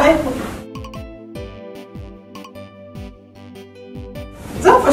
alaikum. Zan fa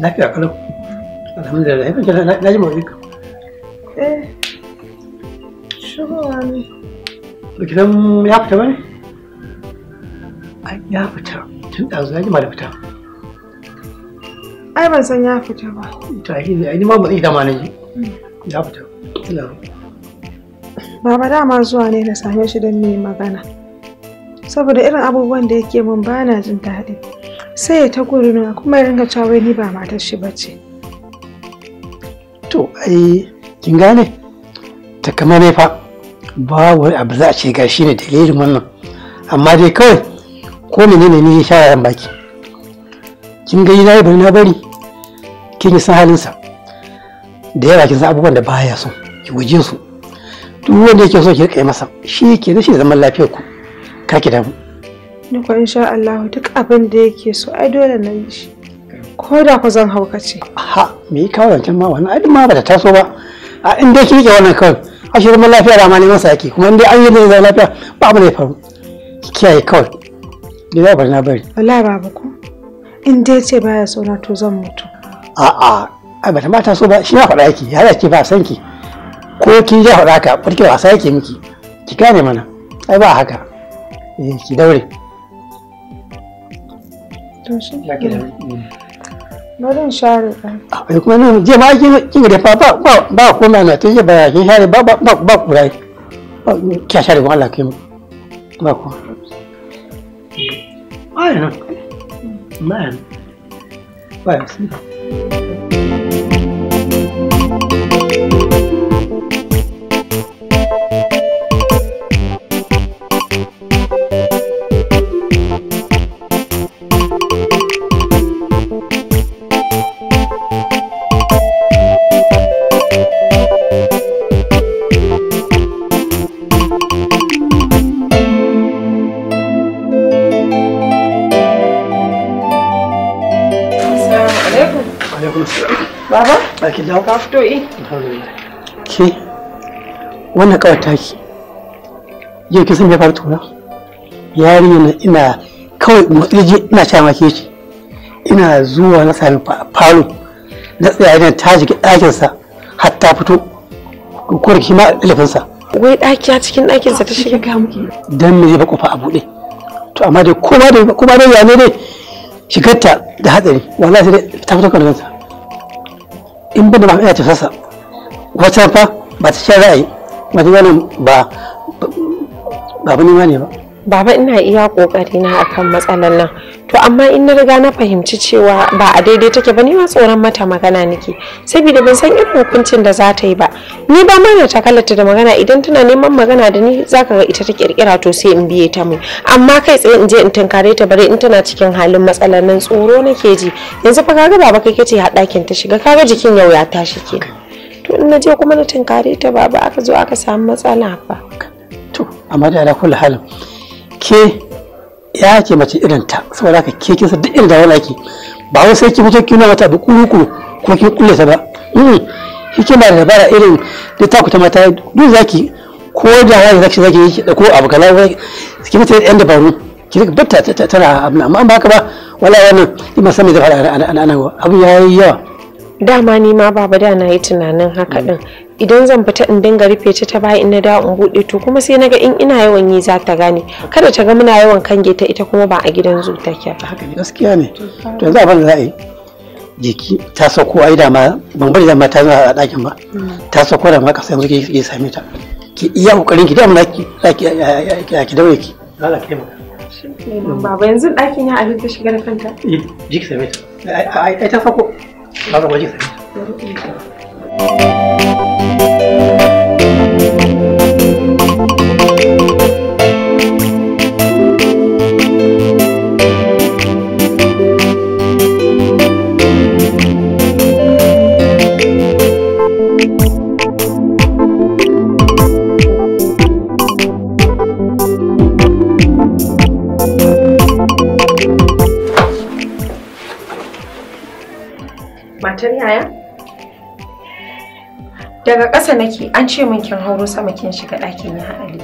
lafiya kalau alhamdulillah ya kanke na ji mawari ka eh shigowa ne bikin ya fita bane ai ya fita tun ɗazu ya ji ma fita ai ban san ya fita ba ta yi ai ni ma ban yi dama na ji ya fita Baba da ma zuwa ne na same shi don ne magana saboda irin abubuwan da yake mun bana jin daɗi. sai ya ta gurina kuma ya ringa cewa ni ba matar shi bace to ai kin gane ta kama ne fa ba wai abu za a ce ga shi ne dalilin wannan amma dai kawai ko menene ne ya sha yaran baki kin ga yana bari na bari kin yi san halinsa da yawa kin san abubuwan da baya so ki guje su duk wanda yake so ki rika masa shi da shi zaman lafiyar ku ka ki damu Ni insha Allah duk abin da yake so ai dole na yi shi. Ko da ku zan haukace. Aha, me kawo zancen ma wannan ai ma bata taso ba. A in dai kike wannan kawai. shi mun lafiya da ma neman sa yake kuma in dai an yi da lafiya ba mu ne faru. Kiyaye kawai. Ni za bari na bari. Wallahi babu ko. In dai ce baya so na to zan mutu. A'a, ai bata ma taso ba shi ya faɗa yake ya ce ba san ki. Ko ki ya faɗa ka, barke wasa yake miki. Ki gane mana. Ai ba haka. Eh, ki daure. to shi mm. bari in share eh, kuma ne je ma kin kin da fa ba ba ko ma na ba kin share ba ba ba ba ki share ko Allah kin ba eh, ai na man ba sai Lau ka fito eh? Ke, wannan kawar taki, yau kisan ya faru tura? yari Yarinya ina kawai matsiji ina sha make shi. Ina zuwa na sami falo na tsaya idan ta shiga ɗakinsa har ta fito kuwar ki ma ɗalifinsa. Wai ɗaki a cikin ɗakinsa ta shiga ga muke. Dan me zai ba kofa a buɗe. To amma dai kuma dai kuma dai ya ne dai shigarta da hatsari wallahi sai dai ta fito kan ransa. in ba da ba ya tausasa wata fa ba ta shan ra'ayi ba ba ba ne ba baba ina iya kokari na akan matsalar nan to amma in na riga na fahimci cewa ba a daidai take ba ni ma tsoron mata magana nake saboda ban san irin hukuncin da za ta yi ba ni ba ma na takalata da magana idan tana neman magana da ni zaka ga ita ta kirkira to sai in biye ta mai amma kai tsaye in je in tunkare ta bare in tana cikin halin matsalar nan tsoro nake ji yanzu fa kaga baba kai kace haɗakin ta shiga kaga jikin yau ya tashi ke? to in na je kuma na tunkare ta baba aka zo aka samu matsala fa to amma da kullu halin ke ya ce mace irin ta saboda ka ke sa duk inda wani ake ba wai sai ki fito ki nuna mata abu kuru ko ki kulle ta ba hikima da dabara irin da ta ta mata duk zaki ko da wani zaki zaki yi da ko abu kala ki mata yan dabaru ki rika batta tana abu amma an ba haka ba wala wannan ni ma san me da fara ana abu yayi yawa dama ni ma baba da na yi tunanin haka din mm. idan zan fita in dinga rufe ta ta baya in na da in bude to kuma sai naga in ina yawan yi za ta gane kada ta ga muna yawan kange ta ita kuma ba a gidan zu take ba gaskiya ne to yanzu abin da za a yi jiki ta sauko ai da ma ban bari da ma ta zama a dakin ba ta sauko da ma kasa yanzu ke ke same ta ki iya kokarin ki da mun ki ki daure ki Allah ki taimaka Baba yanzu ɗakin ya abin ta shiga da kanta? Eh, jiki same ta. Ai ta sako. Ba ga jiki same ta. Thank you. Daga ƙasa nake an ce min kin hauro sama kin shiga ɗakin ya hali.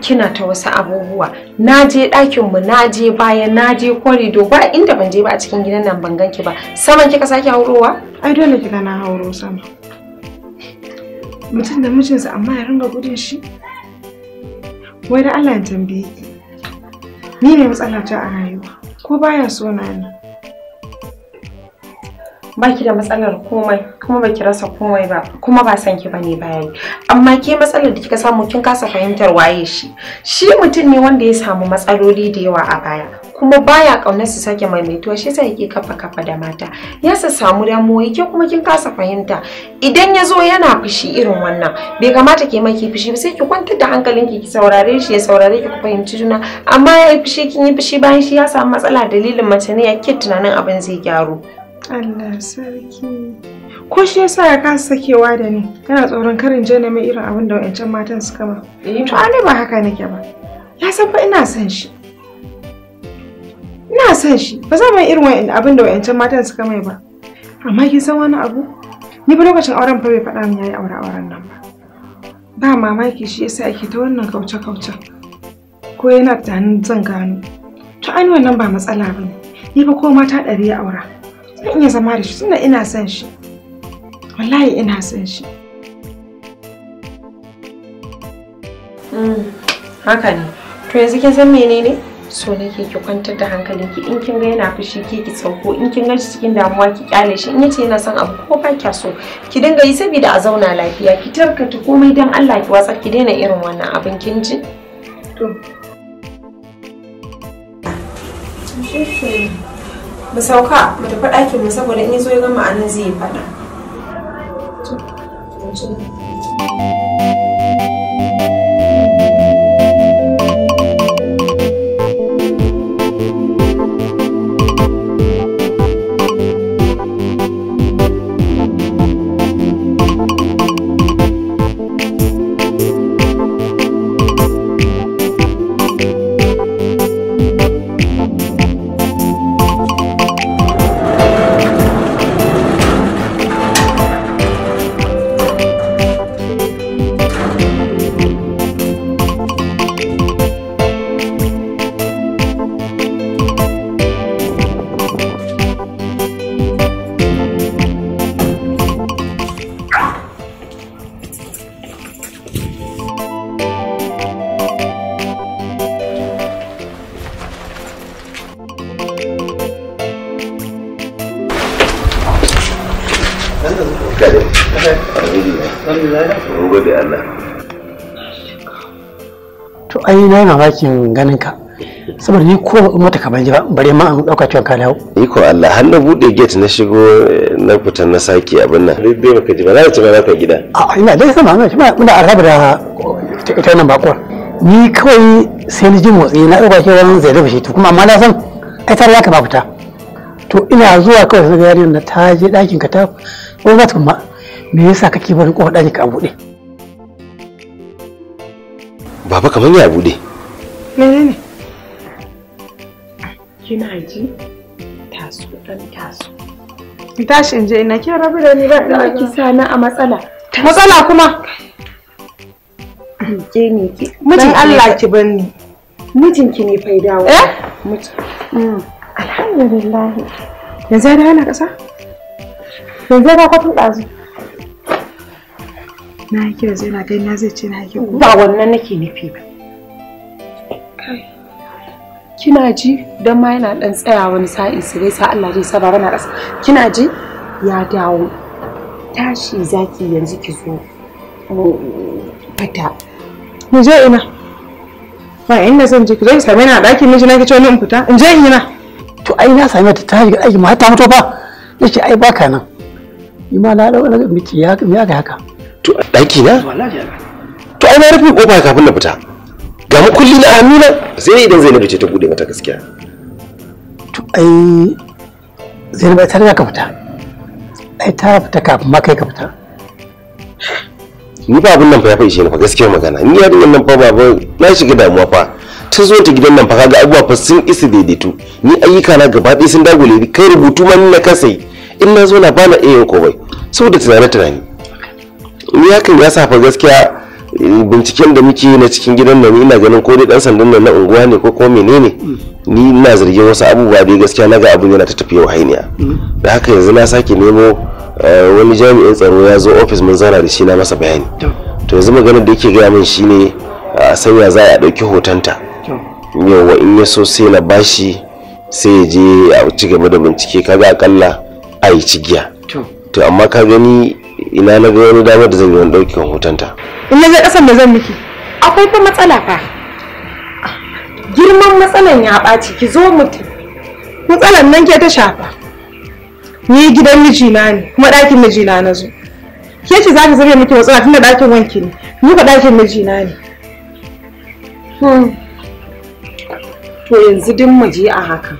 Kina ta wasu abubuwa. Na je ɗakin mu, na je baya, na je korido, ba inda ban je ba a cikin gidan nan ban ganki ba. Saman kika sake haurowa? Ai dole kika na hauro sama. Mutum da mijinsa amma ya ringa gudun shi. Wai da Allah ya tambaye Ni ne ta a rayuwa. Ko baya so na ni? ba ki da matsalar komai kuma ba ki rasa komai ba kuma ba san ki bane bayani amma ke matsalar da kika samu kin kasa fahimtar waye shi shi mutum ne wanda ya samu matsaloli da yawa a baya kuma baya kaunar su sake maimaituwa shi sai yake kafa kafa da mata ya sa samu damuwa ke kuma kin kasa fahimta idan ya zo yana fushi irin wannan bai kamata ke maki fushi ba sai ki kwantar da hankalinki ki saurare shi ya saurare ki ku fahimci juna amma ya yi fushi kin yi fushi bayan shi ya samu matsala dalilin mace ne ya ke tunanin abin zai gyaru Allah sarki. Ko shi yasa ya kasa sakewa da ni? Kana tsoron karin je na mai irin abin da wayancan matan suka ba. Eh to ani ba haka nake ba. Ya san fa ina son shi. Ina son shi. Ba zan mai irin abin da wayancan matan suka mai ba. Amma kin san wani abu? Ni ba lokacin auren fa bai faɗa min yayi aure auren nan ba. Ba mamaki shi yasa ake ta wannan kauce-kauce. Ko yana tunanin zan gano. To ani wannan ba matsala ba ne. Ni ba ko mata ɗari ya aura. zan iya zama da shi tunda ina son shi wallahi ina son shi hmm, haka ne to yanzu kin san menene so nake ki kwantar da hankalinki in kin ga yana fushi ke ki sauko in kin ga cikin damuwa ki kyale shi in yace yana son abu ko ba kya so ki dinga yi saboda a zauna lafiya ki tarkata komai dan Allah ki watsar ki daina irin wannan abin kin ji to mu sauka mu tafi ɗakin mu saboda in zo ya gama anan zai faɗa. na yi mamakin ganin ka saboda ni ko in ka banje ba bare ma an dauka cewa ka dawo iko Allah har na bude gate na shigo na fita na saki abin nan bai baka ji ba za ka ci ba za ka gida a ina dai sama ana shi ba muna araba da ita nan bakuwa ni kawai sai ni ji motsi na dauka shi wani zai dafa shi to kuma amma na san ai tare ya ka ba fita to ina zuwa kawai sai ga yarin na ta je dakin ka ta ko za ta kuma me yasa kake barin kofar dakin ka bude baba kamar ya bude menene kina ji taso dan taso ki tashi je ina ke rabu da ni ba da ki sana a matsala matsala kuma ke ne ki mijin Allah ki bani ki ne faida ya dawo eh mm. alhamdulillah yanzu ya dawo na kasa yanzu ya dawo kwatun ɗazu na yi kira zai na kai na zai ce na yi ba wannan nake nufi ba kina ji don ma yana dan tsaya wani sa'i su gaisa Allah zai saba bana kasa kina ji ya dawo tashi zaki yanzu ki zo fita mu je ina ba inda zan je ki zo ki same na ɗakin miji na ki ce ni in fita in je ina to ai na same ta ta shiga ɗakin ma ta mutu ba yake ai baka nan ima na ɗaukar miki ya ga haka to ɗaki na to ai na rufe kofa kafin na fita ga mu kulli na Amina sai idan Zainabu ce ta bude mata gaskiya to ai Zainabu ta riga ka fita ai ta fita kafin ma kai ka fita ni ba abin nan fa ya fa ishe ni fa gaskiyar magana ni yarinyar nan fa ba ba na shiga damuwa fa ta zo ta gidan nan fa kaga abubuwa fa sun isa daidaito. ni ayyuka na gaba ɗaya sun dagule kai rubutu ma ni na kasa yi in na zo na bana iya yin komai saboda tunani tunani ya hakan ya safa gaskiya mm, binciken da muke na cikin gidan nan ina ganin ko dai dan sandan nan na unguwa ne ko ko menene ni ina zargin wasu abubuwa bai gaskiya naga abun yana ta tafiya hainiya da haka yanzu na sake nemo eh, wani jami'in tsaro ya zo ofis mun zara da shi na masa bayani to yanzu maganar da yake gaya min shine a sanya za a ɗauki hotonta yawa in ya so sai na bashi sai ya je a ci gaba da bincike kaga akalla a yi cigiya to amma ka gani ina na ga wani damar da zan yi wani ɗaukin hotonta in na je ƙasar da zan miki akwai fa matsala fa girman matsalan ya ɓaci ki zo mutum. matsalan nan ke ta shafa ni gidan mijina ne kuma ɗakin mijina na zo ke ce za ki zame miki matsala tunda ɗakin wanki ne ni ba ɗakin mijina ne hmm. to yanzu din mu je a haka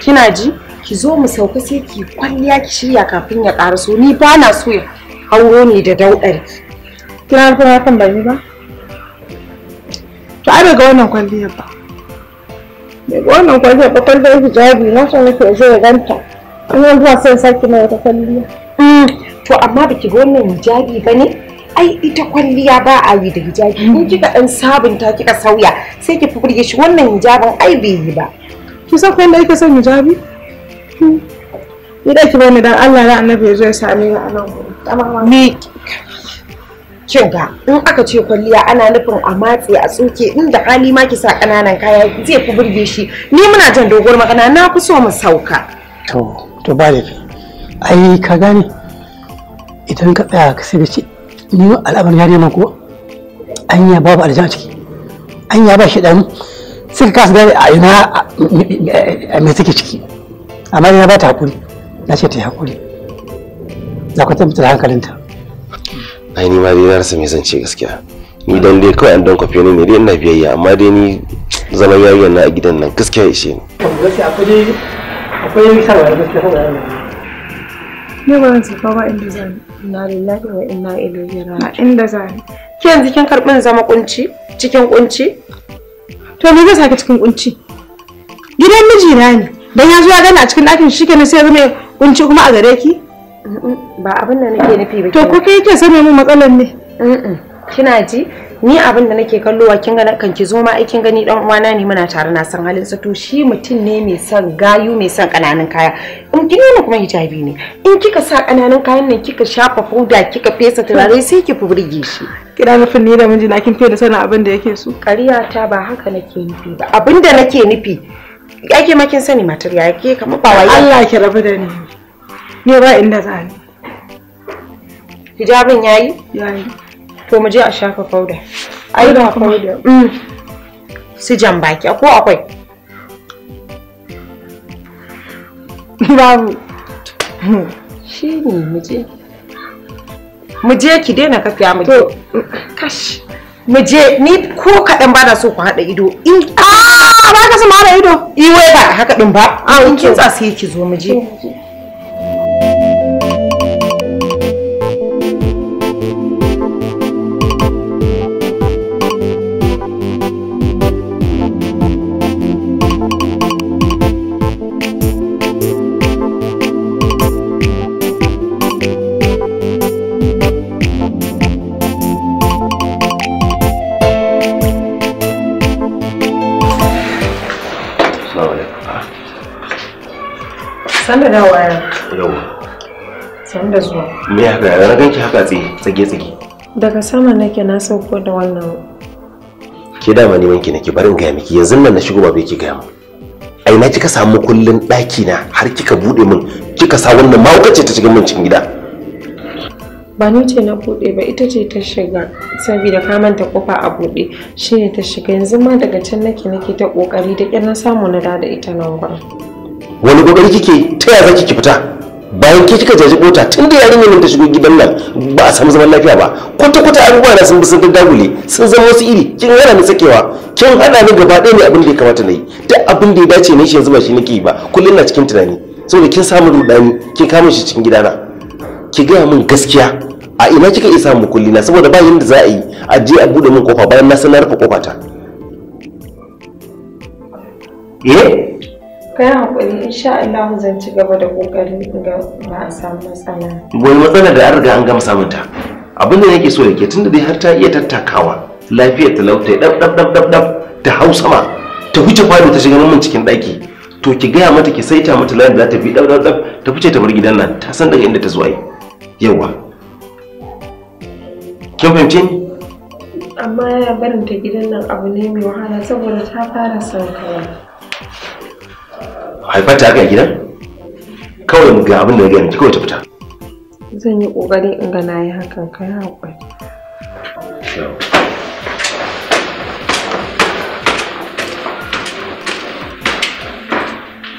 kina ji ki zo mu sauka sai ki kwalliya ki shirya kafin ya ƙaraso ni ba na so ya auro ne da daudarki kina kuma kan bani ba to ai daga wannan kwalliyar ba daga wannan kwalliyar ba kwalliyar hijabi na san nake zo ya ganta An yanzu a sai saki mai wata kwalliya hmm, to amma biki ga wannan hijabi ba ne ai ita kwalliya ba a yi da hijabi in kika dan sabunta kika sauya sai ki fi shi wannan hijabin ai bai yi ba ki san kwanda yake son hijabi hmm. ni da ki bani dan Allah ya annabi ya zo ya same ni a nan gurin Me kin ga in aka ce kwalliya ana nufin a matse a tsoke inda hali ma ki sa ƙananan kaya zai fi burge shi ni muna jan doguwar magana na fi so mu sauka. To to ba da ai ka gane idan ka tsaya ka sai ce ni al'amarin yare ma ko anya babu aljan ciki an anya ba shi dani sai ka kasa gane a ina mai take ciki amma ina ba ta hakuri na ce ta yi hakuri. za ku tabbatar hankalinta ai ni ma dai na rasa me zan ce gaskiya ni dan dai kawai an don kwafe ne dai ina biyayya amma dai ni zama yayi na a gidan nan gaskiya ishe ni gaskiya akwai dai akwai sarwa gaskiya sarwa ne ba zan ba inda zan na lillahi wa inna ilaihi raji'un inda zan ki yanzu kin karbin zama kunci cikin kunci to me zai saki cikin kunci gidan mijina ne dan ya zo ya gani a cikin ɗakin shi kenan sai ya zama kunci kuma a gare ki Ba abin da nake nufi ba. To ko kai yake sanya mu matsalar ne? Kina ji? Ni abin da nake kallowa kin ga kan ki zo ma aikin gani dan uwana ne muna tare na san halin sa to shi mutum ne mai son gayu mai son kananun kaya. In kin yana kuma hijabi ne. In kika sa kananun kayan nan kika shafa foda kika fesa turare sai ki furge shi. kina nufin ni da miji na kin fiye da abin da yake so. Kariya ta ba haka nake nufi ba. Abin da nake nufi. Yake ma kin sani matar ya ke kamar ba wai Allah ki rabu da ni. ne ba inda za ni hijabin Ya yi. to mu je a shafa fauda ai ba fauda mm. su jan baki ko akwai babu shi ne mu je mu je ki daina kafiya mu je kash mu je ni ko kaɗan ba na so ku haɗa ido in a ah, ba ka su ma haɗa ido iwe ba haka ɗin ba in kin tsasi ki zo mu je me haka na ganki haka tsaye tsage tsage daga sama nake na sauko da wannan ke dama neman ki nake barin gaya miki yanzu nan na shigo ba ki gaya mu ai na kika samu kullun ɗaki na har kika bude min kika sa wannan mahaukace ta cikin min cikin gida ba ni ce na bude ba ita ce ta shiga saboda ka manta kofa a bude shine ta shiga yanzu ma daga can nake nake ta kokari da kyar na samu na da ita nan wani kokari kike ta yaya zaki ki fita bayan ke kika jaji kota tun da yarinya nan ta shigo gidan nan ba a samu zaman lafiya ba kwata kwata abubuwa na sun bi sun dagule sun zama wasu iri kin yana ni sakewa kin haɗa ni gaba ɗaya ne abin da ya kamata na yi duk abin da ya dace ne shi yanzu ba shi nake yi ba kullum na cikin tunani saboda kin samu rudani kin kama shi cikin gidana ki gaya min gaskiya a ina kika iya samu kulli na saboda ba yanda za a yi a je a bude min kofa bayan na sanar rufe kofa ta eh Kayan haƙuri insha Allah zan ci gaba da ƙoƙari ga ba a samu matsala wani matsala da an riga an gama samun ta abin da nake so yake tunda dai har ta iya tattakawa lafiyar ta lauta ɗab-ɗab, ta hau sama ta huce kwano ta shiga mun cikin ɗaki to ki gaya mata ki saita mata layin da za ta bi dab dab dab ta huce ta bar gidan nan ta san daga inda ta zuwa yi yawa kin amma ya barin ta gidan nan abu ne mai wahala saboda ta fara son kawai haifar ta haka gidan kawai mu ga abin da ya gani kawai ta fita zan yi kokari in ga yi hakan kai haƙwai.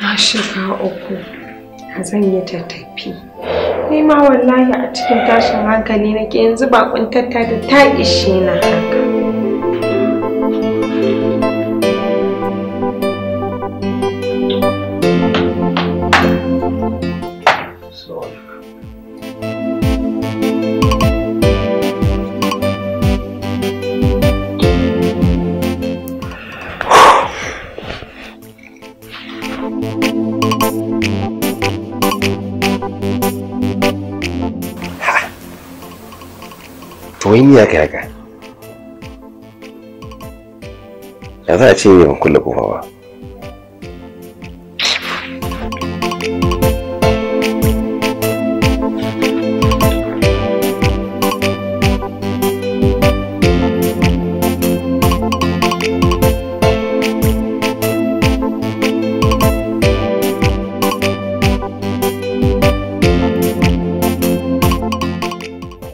na shiga uku zan yi ta tafi ni ma wallahi a cikin tashin hankali nake yanzu bakon tatta da ta ishe na haka ya haka ya za a ce ban kulle kofa ba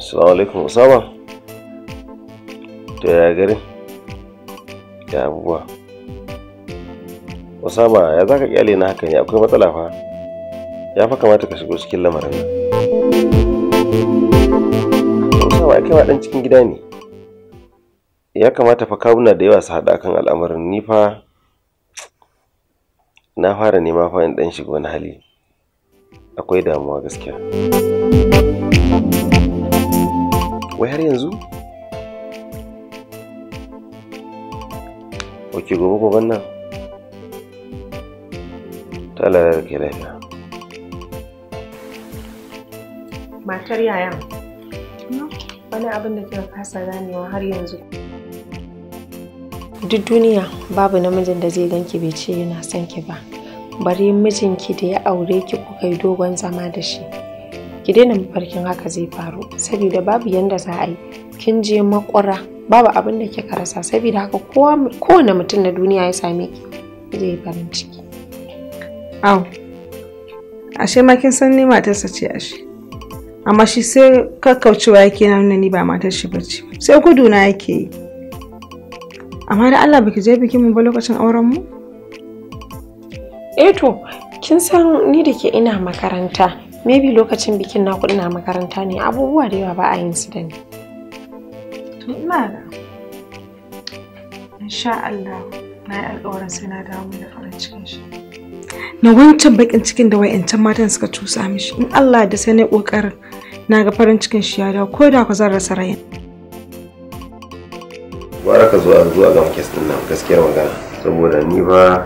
السلام عليكم Usama. Usama ya za ka kyale na haka ne akwai matsala fa ya fa kamata ka shigo cikin lamarin nan Usama ya kai dan cikin gida ne ya kamata fa kawuna da yawa su haɗa kan al'amarin ni fa na fara nema fa in dan shigo na hali akwai damuwa gaskiya wai har yanzu ok gobe gobe nan ta da ke lafiya matar yayan wani abin da kika kasa ganewa har yanzu duk duniya babu namijin da zai ganki bai ce yana son ki ba bari mijinki da ya aure ki ku kai dogon zama da shi ki daina mafarkin haka zai faru saboda babu yanda za a yi kin je makwara babu abin da kika rasa saboda haka kowane mutum na duniya ya same ki zai farin ciki Au, ashe ma kin san ni matarsa ce ashe. Amma shi sai kakkaucewa yake na nuna ni ba matar shi bace. Sai gudu na yake yi. Amma da Allah baki je bikin mu ba lokacin auren mu? Eh to, kin san ni da ke ina makaranta. Maybe lokacin bikin na na makaranta ne abubuwa da yawa ba a yin su da ni. To ina da. Insha Allah na yi alƙawarin sai na dawo da farin cikin shi. na wancan bakin cikin da wayancan matan suka cusa mishi in Allah da sai na kokarin na ga farin cikin shi ya dawo ko da ku zan rasa rayan gwara ka zo a zo a gaskiyar magana saboda ni ba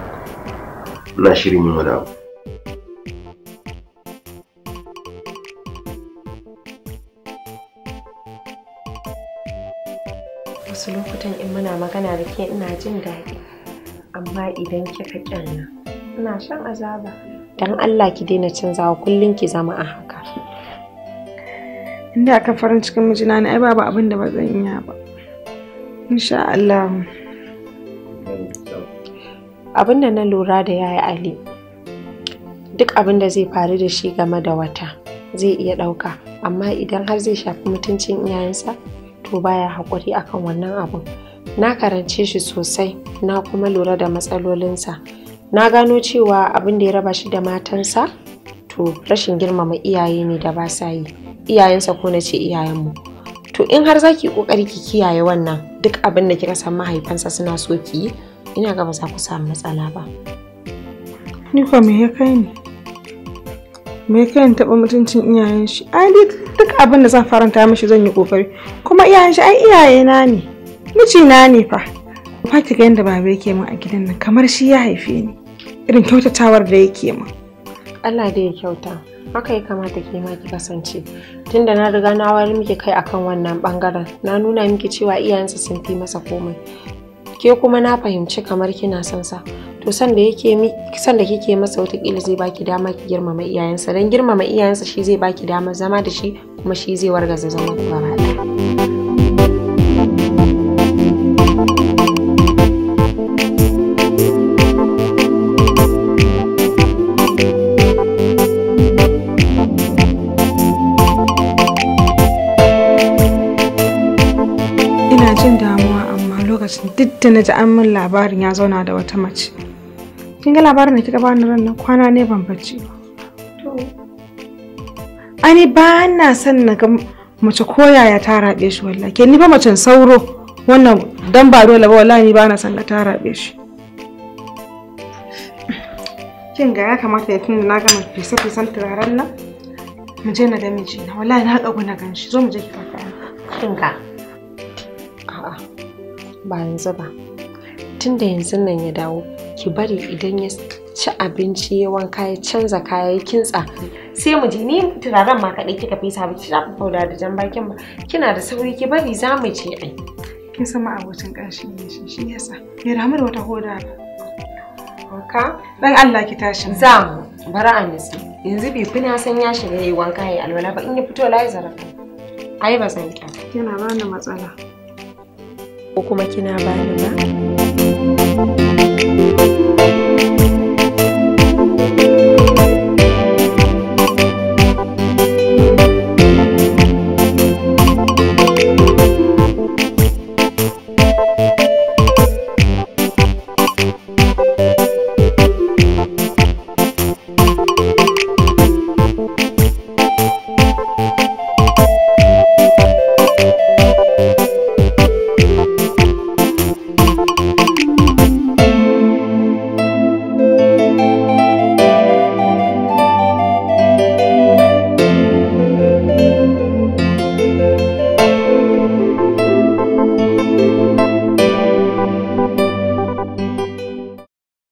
na shirin yin wani abu wasu lokutan in muna magana da ke ina jin daɗi amma idan kika ƙyanna ina shan azaba dan Allah ki daina canzawa kullum ki zama a haka inda aka farin cikin mijina ne, ai babu abin da ba zan iya ba insha Allah abin da na lura da yaya Ali duk abin da zai faru da shi game da wata zai iya ɗauka amma idan har zai shafi mutuncin iyayensa to baya haƙuri akan wannan abun na karance shi sosai na kuma lura da matsalolinsa na gano cewa abin da ya raba shi da matansa to rashin girmama iyaye ne da ba sa yi iyayensa ko na ce iyayenmu to in har zaki kokari ki kiyaye wannan duk abin da kika san mahaifansa suna so ki yi ina ga ba za ku samu matsala ba ni fa me ya kai ni me ya kai ni taba mutuncin iyayen shi ai duk abin da zan faranta mishi zan yi kokari kuma iyayen shi ai iyayena ne na ne fa ba ki ga yadda baba yake min a gidan nan kamar shi ya haife ni irin kyautatawar da yake ma Allah da ya kyauta haka ya kamata ke ma ki kasance tunda na riga na wari miki kai akan wannan bangaren na nuna miki cewa iyayensa sun fi masa komai ke kuma na fahimci kamar kina son sa to san da yake san da kike masa wata kila zai baki dama ki girmama iyayensa dan girmama iyayensa shi zai baki dama zama da shi kuma shi zai wargaza zaman ku ba. da na ji an min labarin ya zauna da wata mace kin ga labarin da kika bani ran nan kwana ne ban bacci ba ani ba na son na ga mace koyaya ta rabe shi wallahi ke ni ba mace sauro wannan dan ba dole ba wallahi ni ba na son ga ta rabe shi kin ga ya kamata ya tunda na gama fisa fisan turaren nan mu je na ga mijina wallahi na haƙa na ganshi zo mu je ki faɗa kin ga ba yanzu ba tun da yanzu nan ya dawo ki bari idan ya ci abinci ya wanka ya canza kaya ya kintsa sai mu je ni turaren ma kaɗai kika fi sabu ki kina fauda da jan bakin ba kina da sauri ki bari za mu je ai kin sama abokin ƙarshe ne shi shi yasa bai ramu da wata hoda ba wanka ɗan Allah ki tashi za mu bari a nisa yanzu bai fi na san ya shiga yayi wanka yi alwala ba in ya fito lai zarafa. ai ba zan ki yana ni matsala ko kuma kina bani ba